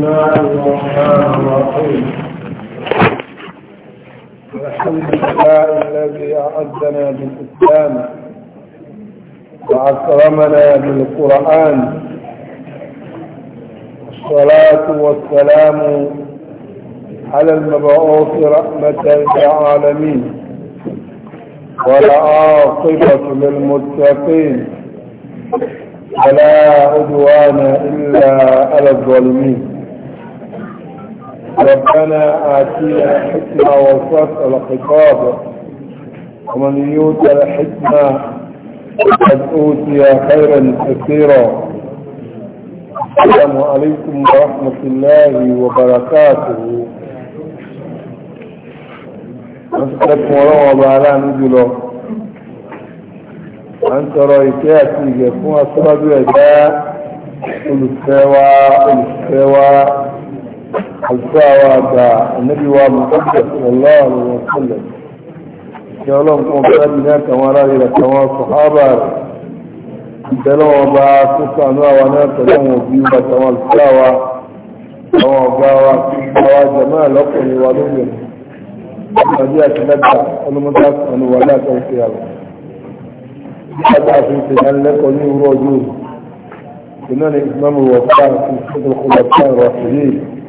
الحمد لله الذي أعدنا بالإسلام وأكرمنا بالقرآن والصلاة والسلام على المبعوث رحمة للعالمين والعاقبة للمتقين فلا عدوان إلا على الظالمين ربنا آتينا حكمة وفاة الخطاب ومن يوت الحكمة قد أوتي خيرا كثيرا السلام عليكم ورحمة الله وبركاته أسألكم ورحمة الله على أنت رأيك يا يكون أسرد وإذا قلت سوا قلت سوا الساعة النبي ومحمد صلى الله عليه وسلم يا الله مقابل هناك وراء إلى كما صحابة دلوا با كسانا وانا تلوم بيوبا كما الساعة كما باوا كما جمال أقل ولوم فجاء تبدأ المنطق أن ولا توفي الله حتى في سجن لك وليه رجوز إنني إمام الوفاء في سجن الخلطان الرحيم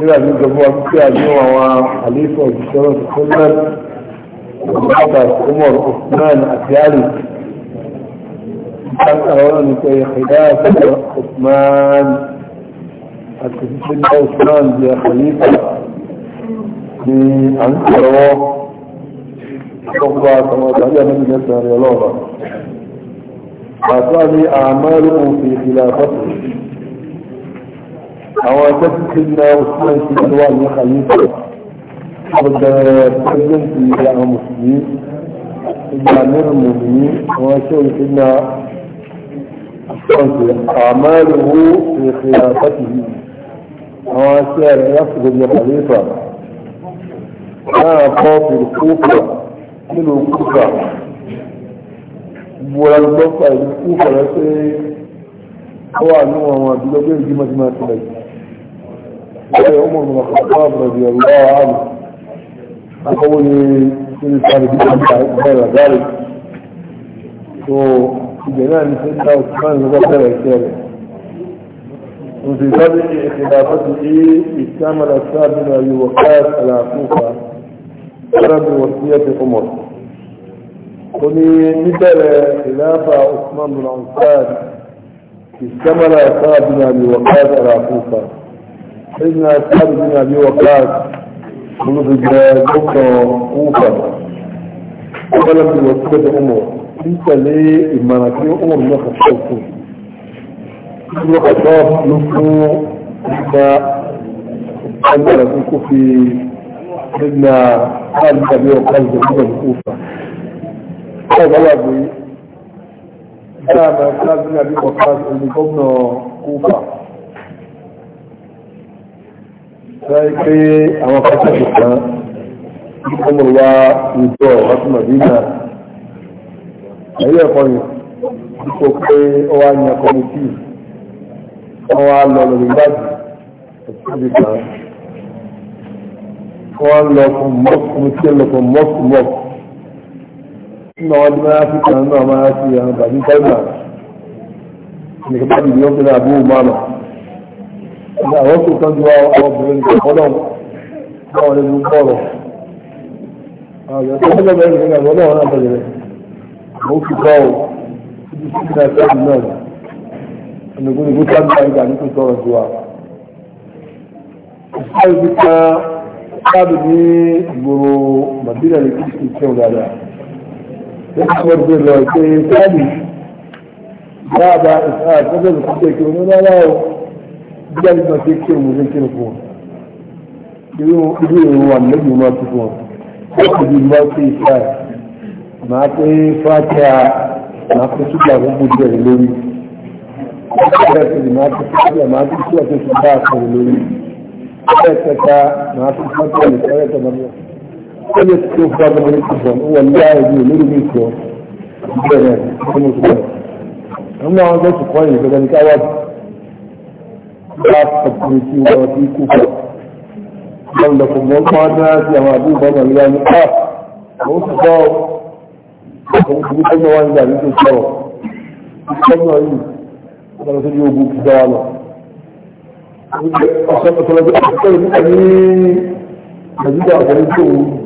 nígbà tí gbogbo àkókò àbí àwọn àléfọ̀ ìṣòro ìṣòro وقطع عمر عثمان أفيان كان أولا في خلافة عثمان الكثير عثمان يا خليفة لأنكرة تقضى كما تعالى من جسر يلوغا فأعطاني أعماله في خلافته àwọn ẹgbẹ́ tí kí ní ọ̀sán ìṣẹ́ ìlú wà ní àyíká ọ̀dọ̀ pẹ́lẹ́ǹtì àwọn mùsùlùmí ìgbà mẹ́rin mùsùlùmí àwọn ẹṣẹ́ ìṣẹ́ ìlú ọ̀sẹ̀ àmàlùwò ìṣẹ́ àpáti yìí àwọn ẹṣẹ́ rẹ̀ láti gbogbo àléfà náà kọ́ fìrìkúfà nílùú kúfà gbogbo ọ̀gbọ́fà ìlú kúfà rẹ̀ pé ó wà ní àwọn àdúgbò ìgbìmọ̀ tí máa tilẹ̀ yìí أي عمر بن الخطاب رضي الله عنه أقول كل فارقين غير ذلك وفي وجنان سيدنا عثمان وغير ذلك وفي سابق خلافته استعمل أسباب بن أبي وقاص على كوفة طلب وصية عمر ومثل خلافة عثمان بن عفان استعمل أسباب بن على كوفة سيدنا سعد بن أبي وقاص قلت جاء كوفة ولم يوصل أمه ليس لي إمانة أمر ما خشوته ابن خطاب نفسه أن رسولك في سيدنا سعد بن أبي وقاص قلت كوفة قال أبي كان سعد بن أبي وقاص أن كوفة láì pé àwọn pàtàkì kan ìkọmọ̀lá ìjọ ọ̀hátùmọ̀dínà ẹ̀yẹ́ ẹ̀kọ́ yìí dípò pé ó wá ní ọkọ̀mọ̀tì wọ́n wá lọ lórí ìbàdí ọ̀tún kan wọ́n lọ fún mọ́ọ̀kù tí ó lọ fún mọ́ọ̀kù mọ́ọ̀kù nínú àwọn ọdún máa fi kan náà máa fi bàbí báyìí nìkan bá àwọn tó tọ́jú àwọn obìnrin nìkan fọ́lọ́ báwọn lè mú bọ́ọ̀rọ̀ àwọn tó tọ́jú àwọn obìnrin nìkan fọ́lọ́ náà bẹ̀rẹ̀ àwọn fi bọ́ ọ ibi tí kìí náà sẹ́yìn náà ni ọ̀nàgbọ́n ìgbó tá nípa ìgbà ní kò sọ̀rọ̀ sí wa. ìsáyé ti ká káàdì ní ìgboro màdínà ní kí kìí ṣe òdàdà lẹ́yìn tí wọ́n ti bẹ̀rẹ̀ lọ pé káàdì dáadáa ìsáyé tó bẹ̀rẹ̀ kí bí a lè máa ṣe kí òun ṣe kí òun fún wọn irú ìrún wa lẹ́yìn máa ti fún wọn láti bí wọ́n sí ìṣá ẹ̀ máa pé fátíà máa fi ṣúgbà gbogbo díẹ̀ lórí ẹgbẹ́ ìṣẹ̀lẹ̀ máa fi ṣúgbà máa fi ṣúgbà tó ṣe bá àṣẹ lórí ẹgbẹ́ ìṣẹ̀ka máa fi fátíà lè fẹ́rẹ̀ tó máa mọ̀ ẹgbẹ́ tó fún ọmọ ní kùsùn ó wà ní àìrí olórí ní ìṣọ́ ìbẹ̀rẹ̀ tó mọ̀ ṣùgbọ́n àwọn ọmọ ọgbẹ́ ṣùkọ́ yìí gẹ́gẹ́ ní káwájú فاستقبلوا في كفر لكم والقادات يا أبو بكر يا نقاط وصدوا وصدوا كل واحد يعني تصدوا تصدوا أيه أنا سيدي أبو كدالة أصلا أصلا أكثر من أمين مزيد أكثر من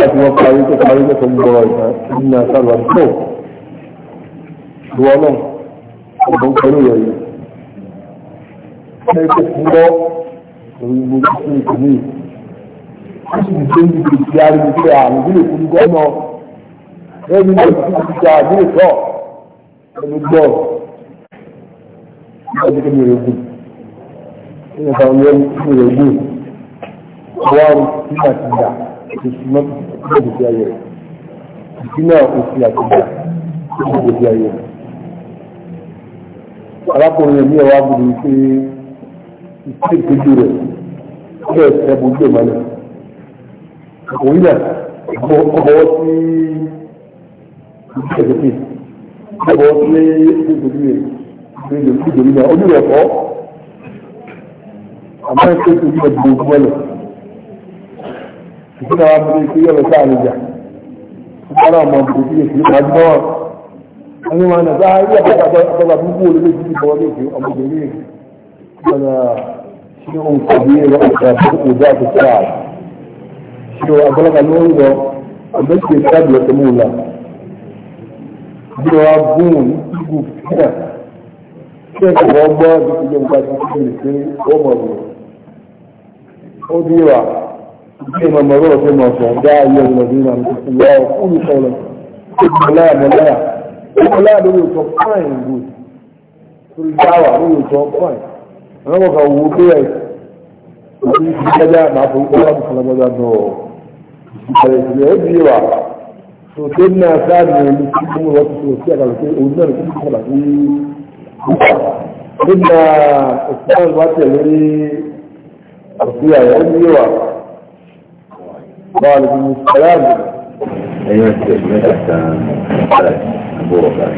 láti wọ́n parí tó parí tó ń bọ̀rọ̀ ìgbà nínú àṣà àgbà tó wọ́n náà ọ̀gbọ̀n pẹ̀lú ìyẹ̀yẹ̀ ẹ̀ kò fún lọ òun ló ti fún ìkùn yìí ó sì ń gbé níbi ìdí ariwo pé àwọn ìdílé fún gọ́nà ẹni ló ti fi ta àdúrà tọ̀ ẹni gbọ́ ọdún tó mèrè gùn ẹni kan ló ń mèrè gùn wọ́n á rí tìǹda tìǹda tó ti fi ayé rẹ̀ àtìgbà tó ti fi ayé mi ẹ̀ wá gbọ́dọ̀ wípé ìṣe ìtọ́jú rẹ̀ ọ̀dọ̀ ìṣẹ́bù gbé mọ́lẹ̀ òun yà ọbọ̀wọ́ sí ìṣẹ́jọ́pì ọbọ̀wọ́ sí ìṣẹ́jọ́pì rẹ̀ ìṣẹ́jọ́pì ìjòrí náà ojú rẹ̀ fọ́ àmọ́ ìṣẹ́ ìṣẹ́jọ́pì rẹ̀ gbogbo mọ́lẹ̀ ìṣẹ́jọ́ wa bí i yọ̀ lọ sáà níjà ọ̀pọ̀lọpọ̀ ọmọ ìṣẹ́jọ́pì rẹ̀ kì í kájú náà wọ́n ní wọn nà sáà yíyà bàbá àbúgbò olóògbé ìṣẹ́jọ́ ọmọ ìṣẹ́jọ́ ولا شيء كبير وأكبر ذات الساعة شيء أبلغ الوضع أمشي الكابلة مولا يرابون يقول كده كيف غضا بكل يوم بعد كل شيء غمره وديرا كما مروا كما صعدا يا الذين امنوا الله قولوا قولا لا لا لا لا بيقول فاين جود كل دعوه بيقول فاين àwọn ọkọ̀ wo pé ẹ̀ àti ìdájá máa fún ọlọ́run kọlọ́gbọ́dá náà ìṣẹ̀lẹ̀ ìṣẹ̀lẹ̀ ó bí wà tó tó ní àṣáàdì rẹ̀ ní kí wọ́n wọ́n ti tó sí àkàrà pé òun náà kí wọ́n kọlà sí ó ní ọ̀sán wá tẹ̀lé ní àṣírí àyà ó bí wà báwa lè fi ṣẹlẹ̀ àgbẹ̀. ẹ̀yọ́ ti ẹ̀sìn mẹ́ta àbúrò kan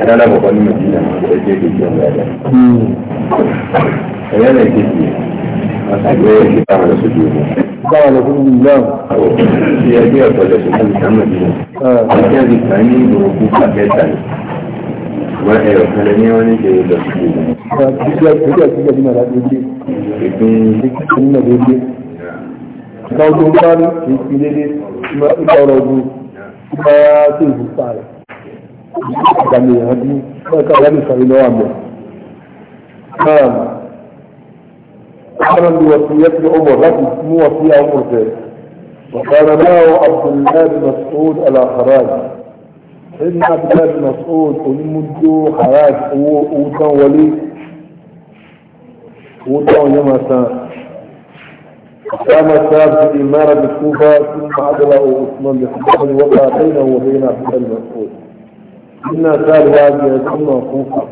ẹ̀rọ alákọ̀ọ́kọ́ ní mọ̀jìnà ẹgbẹ́ kejì ọ̀gá ẹ̀dá ẹ̀rọ ẹ̀kejì àgbẹ̀ ẹ̀kí táwọn lọ sójú ogun. báwa lọ fún mi lọ́wọ́. àwọn ti ẹgbẹ́ ọ̀tọ̀ lọ sí káàdì sáà mọ̀jìnà àti ẹ̀rí kan ní ìgbòròkú káàkẹ́ta ni wọ́n ẹ̀rọ kan lẹ ní wọ́n ní ṣe lọ sí ogun. ìgbà tó ń bá ní ìpínlẹ̀ ní ọ̀rọ̀ ogun máa tó ìbùkún rẹ̀. عمر عمر وقال له عبد الله بن مسعود على خراج سيدنا عبد الله بن مسعود ونمدو خراج ووتان ولي ووتان يمسان قام الشاب في إمارة بالكوفه ثم عدل عثمان بن وقع بينه وبين عبد الله مسعود إنا قال واجه ثم وقوفا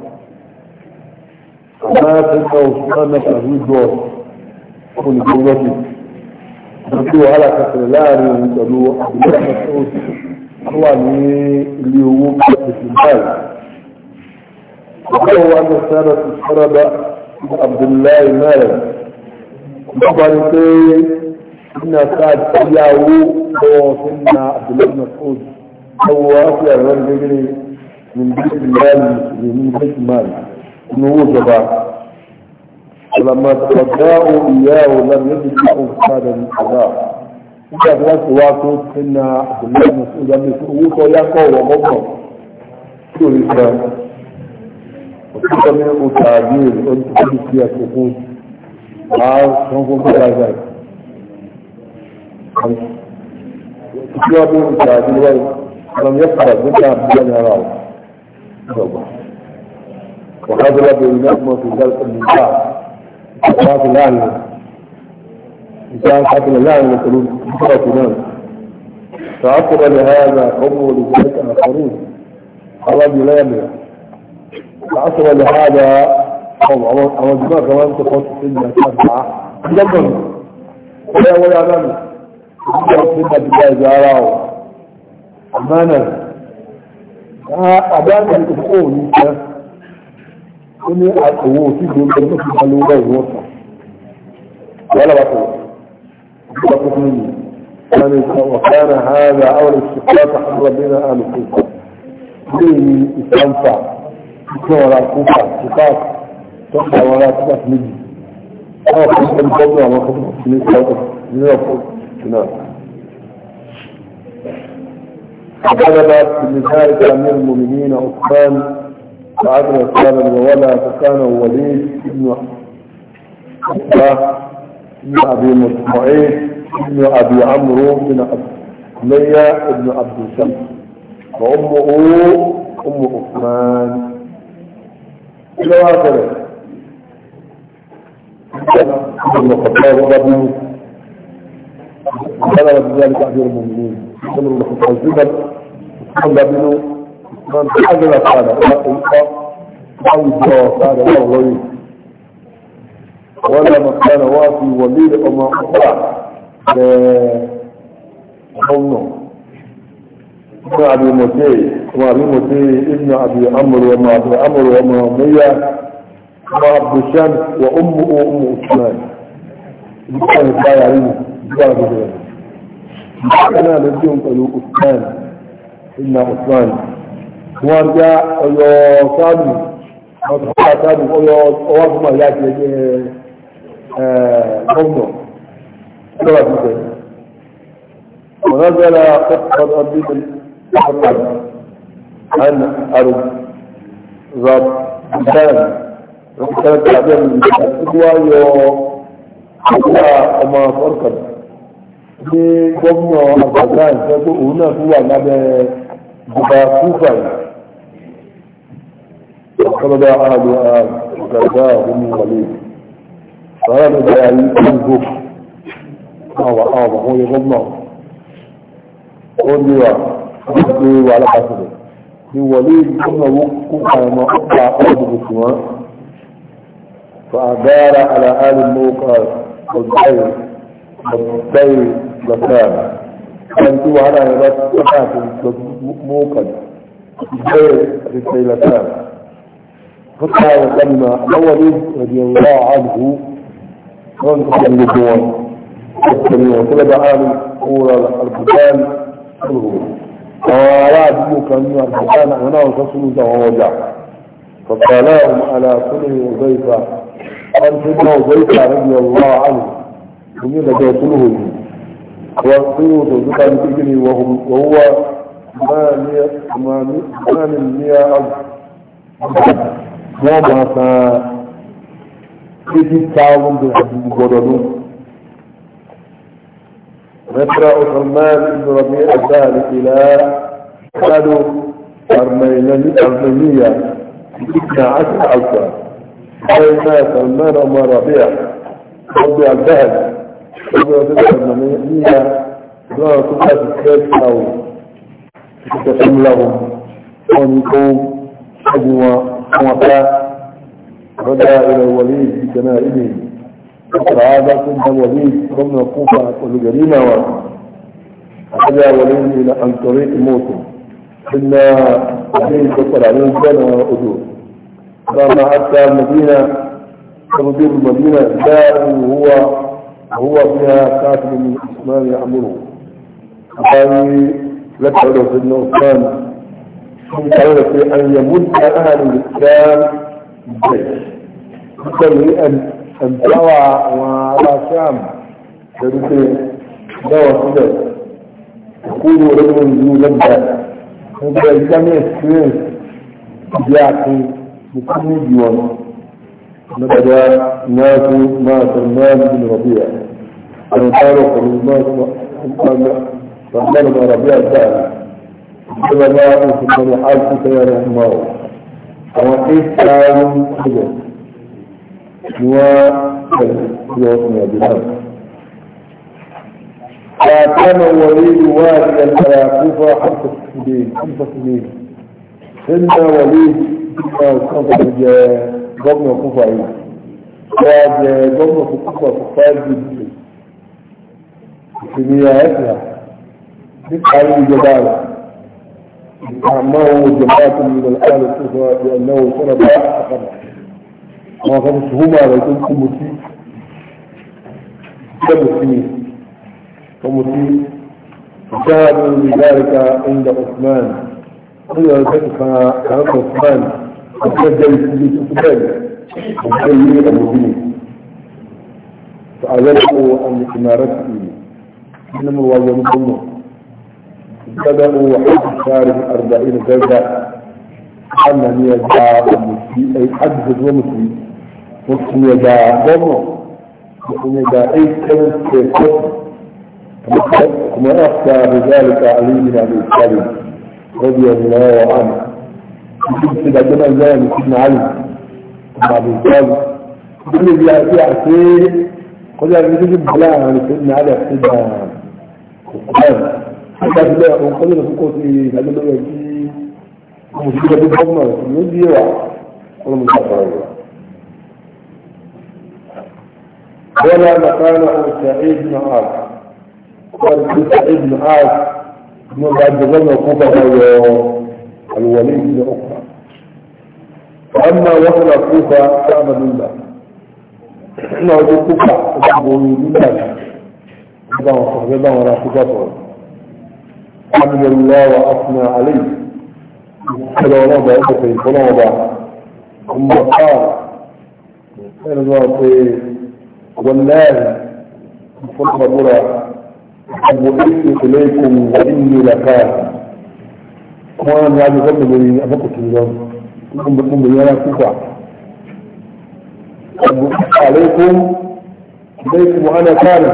ما تلقى عثمان فهو دور كل قوتي نتو على كسر لاري ونتلو عبد الله مسعود الله ني اللي هو مكتب المال وقالوا أن السنة الشرب عبد الله مالا طبعا إن سعد تجاوه وسنة عبد الله مسعود هو أكثر من من بيت المال المسلمين بيت المال انه هو جبار فلما تودعوا اياه لم يجد لهم هذا العذاب nígbà tí wọ́n ti wá tó sínú àbúlé mùsùlùmí àmì owó tó yàtọ̀ wọ̀ gbọ́gbọ̀ tí ò lè sọ òtítọ́ ní oṣù àgbéyè ojú sí ẹ̀sùn fún máa wọ́n fún bí lágbàá ìṣúná bí oṣù àgbéyè wáyé ọlọ́mọ yẹ́pàdà nígbà àbúlé ní ara ọ̀ وحضر بالنظمة في ذلك النقاء أطراف الأعلى إنسان الله الأعلى قلوب كثرة نام فعقب لهذا قوم ولذلك آخرون على بلادنا فعقب لهذا قوم أو جماعة كمان تقص سنة سبعة جنبهم ولا ولا نام يقصد بالله جاراه أمانا وكان هذا اول الشقاق حضر بنا اهل الكوفه ليني استنفع شكرا على الكوفه الشقاق تقع ولا تقع مني انا كنت بقدر على خطوه من الكوفه من الكوفه وطلب من ذلك امير المؤمنين عثمان فعدل سالم وولى فكان وليد بن بن ابي مطمئن بن ابي عمرو بن عمية بن عبد الشمس وامه ام عثمان الى اخره ابن الخطاب ربه قال بذلك امير المؤمنين عمر بن الخطاب ọgbà bínú ọgbà padà ọkọ̀ àwùjọ padà ọwọ́ yìí wọ́n dà mọ̀ padà wọ́n fi wọlé ọmọ ọgbà ẹ̀ ọ̀nà ابن ابن ابي عمرو وما ابي عمرو وما اميه وعبد الشمس وامه ام عثمان كان بايعين انا لديهم قالوا عثمان ìnà Usman wọ́n já ọyọ sáàbù ọ̀sán sáàbù ọyọ ọwọ́ àfúnmọ̀ ìyá àti ẹgbẹ́ gómìnà lọ́wọ́ àtúntẹ̀ ونزل قصة أبيض الحطب عن أرض رب بلدان وكانت تعبير من الأسدوى ọmọ ọ̀kọ̀ọ̀kan ní gómìnà àgbàgbà ìfẹ́ pé òun náà tún wà lábẹ́ ببا كوفا وقبض أهل وآل وقرباه من غليل فهذا بأي أنهف أعوى أعوى هو يغمى قولي وعلي وعلى حسنه ni وليد كنا وقفا ما أقطع أرض بسوان فأدار على آل الموقع والطير والطير لكان ẹni tí wàhálà rẹ̀ bá tó káàkiri lọ mú kàn bẹ́ẹ̀ àti tẹ̀lẹ̀ sáà fúnta rẹ̀ kánìmọ̀ àbáwọlé rẹ̀ wá àdùkú wọn tó kàn lójú wọn ọkùnrin wọn tẹ́lẹ̀ bá àrùn kóra àlùbùdán àlùbùdán àwọn ará àdúgbò kan ní àlùbùdán àwọn náà sọ sínú àwọn ọjà فقالهم على كل ضيفة أنتم ضيفة رضي الله عنه ومن ضيفه والقيود ذكر الإبل وهم وهو ثمانية ثمانية ألف وما سا إذن تعاون بالحديد قدرون نقرأ سلمان بن ربيع الثالث إلى قالوا أرمينية إثنى عشر ألفا بين سلمان ربيع ربيع ọjọ́ ọdún ọ̀nà ní ìyá lọ́rọ̀ tó bá ti fẹ́ ṣàwò ìṣẹ́ tó ń láwọ wọn ni kó ṣẹ́gun wọn wọn bá rọ́dá ilẹ̀ wọlé ìṣẹ́ náà ilẹ̀ ọ̀pọ̀ àádá tó ń bá wọlé gómìnà kúfà olùgẹ̀rí náà wà àtẹ́lẹ̀ wọlé ilẹ̀ àǹtọ̀rí ìmọ̀tò إلا عليه الصلاة عليه كان أدور فما أتى المدينة تنظير المدينة جاءوا هو هو فيها كاتب من عثمان يأمره قال لك عدو سيدنا عثمان ثم قال في أن يمد أهل الإسلام بالبيت قال أن أن دعوة وعلى شام يقول دعوة سيدنا يقول رجل ذو لبة هذا الإسلام يسكرين يعطي مكمل ديوانه نبدا نافع ما سلمان بن ربيع أنا تعرف الناس سلمان بن ربيع الثاني كما ما أنت من حالك يا رحمه وإيه كانوا حجر ويوم يبنان فكان وليد واريا على كوفة خمس سنين خمس سنين سنة وليد كما كفر جاء gómìnà kúfà yìí wọ́n á jẹ gómìnà kúfà kúfà yìí ìpínlẹ̀ ẹ̀sìn nípa ìjọba rẹ̀ أعماه جماعة من الأهل الكفر بأنه شرب أخر وما خلصهما لكم كمتي كمتي كمتي فشهدوا بذلك عند عثمان قيل لك كان عثمان أتجل لتقبل وكي المبين فأذلقوا عن إمارته إنما هو يمكنه بدأوا حد شارب أربعين جلدة أن يجاء المسيء أي حد هو مسيء وكي يجاء ضمه وكي يجاء أي كلمة في كما أخبر بذلك علي بن أبي طالب رضي الله عنه da gina zai da cikin hali ba bai kwazo dole biya fi a ce kwazo da cikin bala a wani cikin hali a cikin da kwazo haka su da yawon kwazo da su ko su yi da gina zai ki kuma su da duk gwamna su yi biyewa wani mun kafa rayuwa ولا مكانه سعيد بن عاص قال سعيد بن عاص من بعد ظن وقوفه الوليد بن عقبة فلما وصل الكوفة كان لله إنه في الكوفة وبعضه لله رضا وصحبه ولا خطاته حمد الله وأثنى عليه قال ولا بأسفين ولا بأسفين ثم قال قال الله والله فقط برا أبو إليكم وإني لكاذب wọ́n ní adé gómìnà lórí abẹ́kòtò lọ́nà gbogbo yẹn láti gbà. Àlékún bẹ́ẹ̀kì Mùhánà Kánà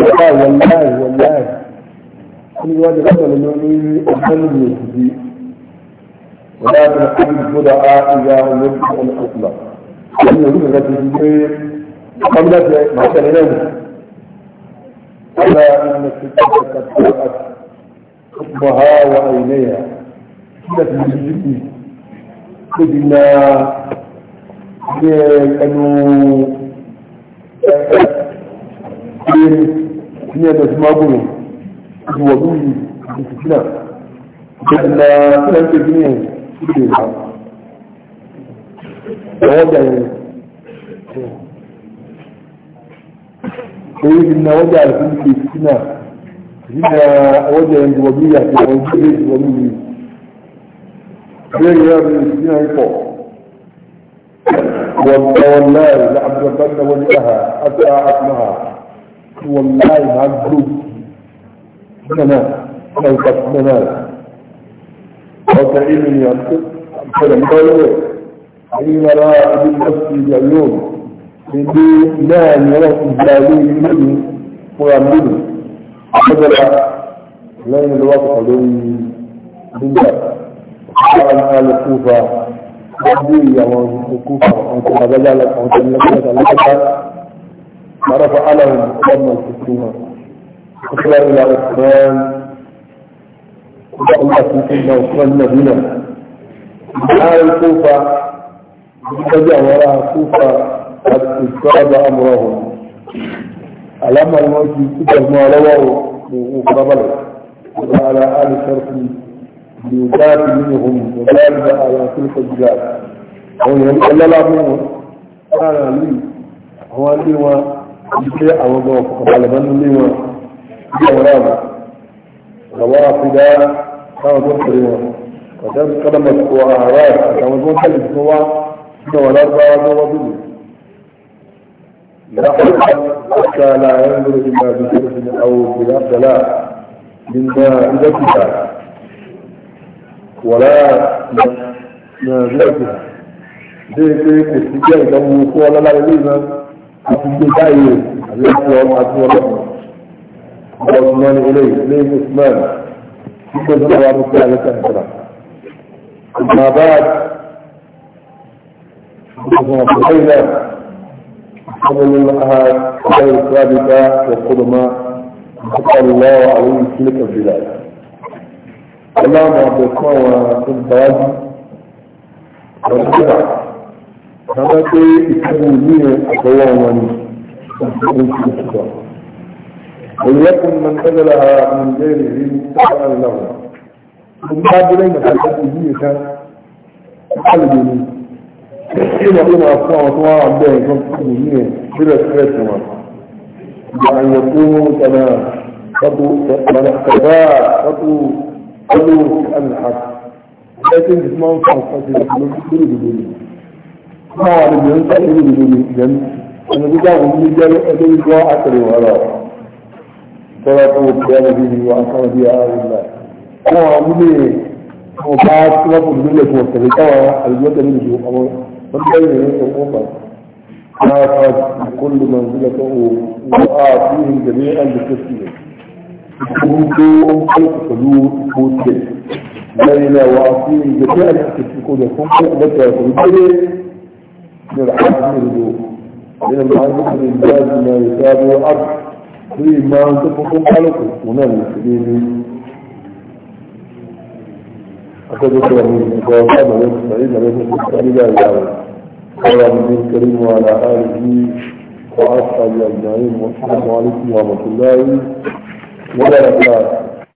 ọ̀pá wọ̀láì wọ̀láì. Wọ́n ní wọ́n ti gómìnà lórí ọ̀gbẹ́ni yóò ti di. Wọ́n á ti kọ́ ìgbódà á ìyá ọmọ ìgbódà ọ̀nà ọ̀kùnà. Wọ́n ní orúkọ kan ti di pé ọmọ ìgbàgbé màá tẹ̀lé náà. Wọ́n ní wọ́n ti kọ́ ìgbódà á ìyá ọmọ ìgbódà ọ̀nà ọ̀kùnà. nígbà tí mo ti dìbò tó di na ilé ẹnu ẹ̀ẹ́ ní ẹ̀dọ̀ tí máa gbòòrò ti wọ̀ lórí ìdìtìtìnà tó di na sílẹ̀ ń pè ní ẹ̀ tó di na ọwọ́ jà yẹn èyí ti na ọjà àti ìdìtìtìnà ìdí na ọjà yẹn ti wọ̀ lórí àti ọjọ́ ìdìtìtìnà ليه يا ابن سينا يقول والله لعبد ربنا وليها أتى عقلها والله عبدو منا خلقت منا وتعين ينطق فلم يقول حين راى بالنفس اليوم بدي لا يرى الجاهلين مني ويعملني بدل لين الوقت لين بالله قال آل الكوفة ربي يوم الكوفة أنت مجال أنت ملكت لك فرفع لهم قم الحكومة أخرى إلى عثمان وقال فيكم وصلنا بنا آل الكوفة رجع وراء الكوفة قد استجاب أمرهم ألم الموت كتب ما رواه وقبله وعلى آل شرقي يضاف منهم وذلك على تلك الجهات هو يقول لا مو أنا لي هو لي و أو ضعف قبل من لي و يورام روافد كما تقريبا وذلك كلمة وأعراف كما تقريبا هو ولا أربعة وضعف حتى لا ينظر إلا بشرف أو بلا من ذاتها ولا نازلتها ذيك السجاي كم ولا لا يلينا السجاي الذي هو عدو الله وعثمان إليه إليه عثمان ثم ذكر أبو سعيد أما بعد فإلى حمل الأهل غير ثابتة وقدمة الله عليه وسلم في البلاد اللهم ربكم وفي البلد والسبع هذا شيء التنويه أقواما وليكن من قبلها من غيره سبعا الله من بعد لين فالتنويه كان قلبي إلى إلى أصلاح وطواع عبدين كان التنويه بلا سكرة بأن يكونوا كما خطوا كما اختباء خطوا قالوا أن الحق لكن جسمان فوق قتل كل بدوني ما أعلم ينسى كل بدوني إذن أنا بدا أمي جاء أدوي دعاء أكل وعلا صلاة وقيام به وأقام بها آل الله أنا أمي وبعد صلاة الملك وكذلك المدى منه أمر فبدأ ينسى أمر كافت كل منزلته وآتيهم جميعا بكثير منذ خلق حدود فوتك بين وعصير جزائك تكون فوتك لك يقول من العالم الهدوء من العالم الإنجاز ما يتابع الأرض في ما أنتفقكم خلقه ونال السبيل أكد الله من مقاطعنا عليه السعيد عليه السعيد لا يعلم قال النبي الكريم وعلى آله وأصحابه أجمعين والسلام عليكم ورحمة الله ولا نصار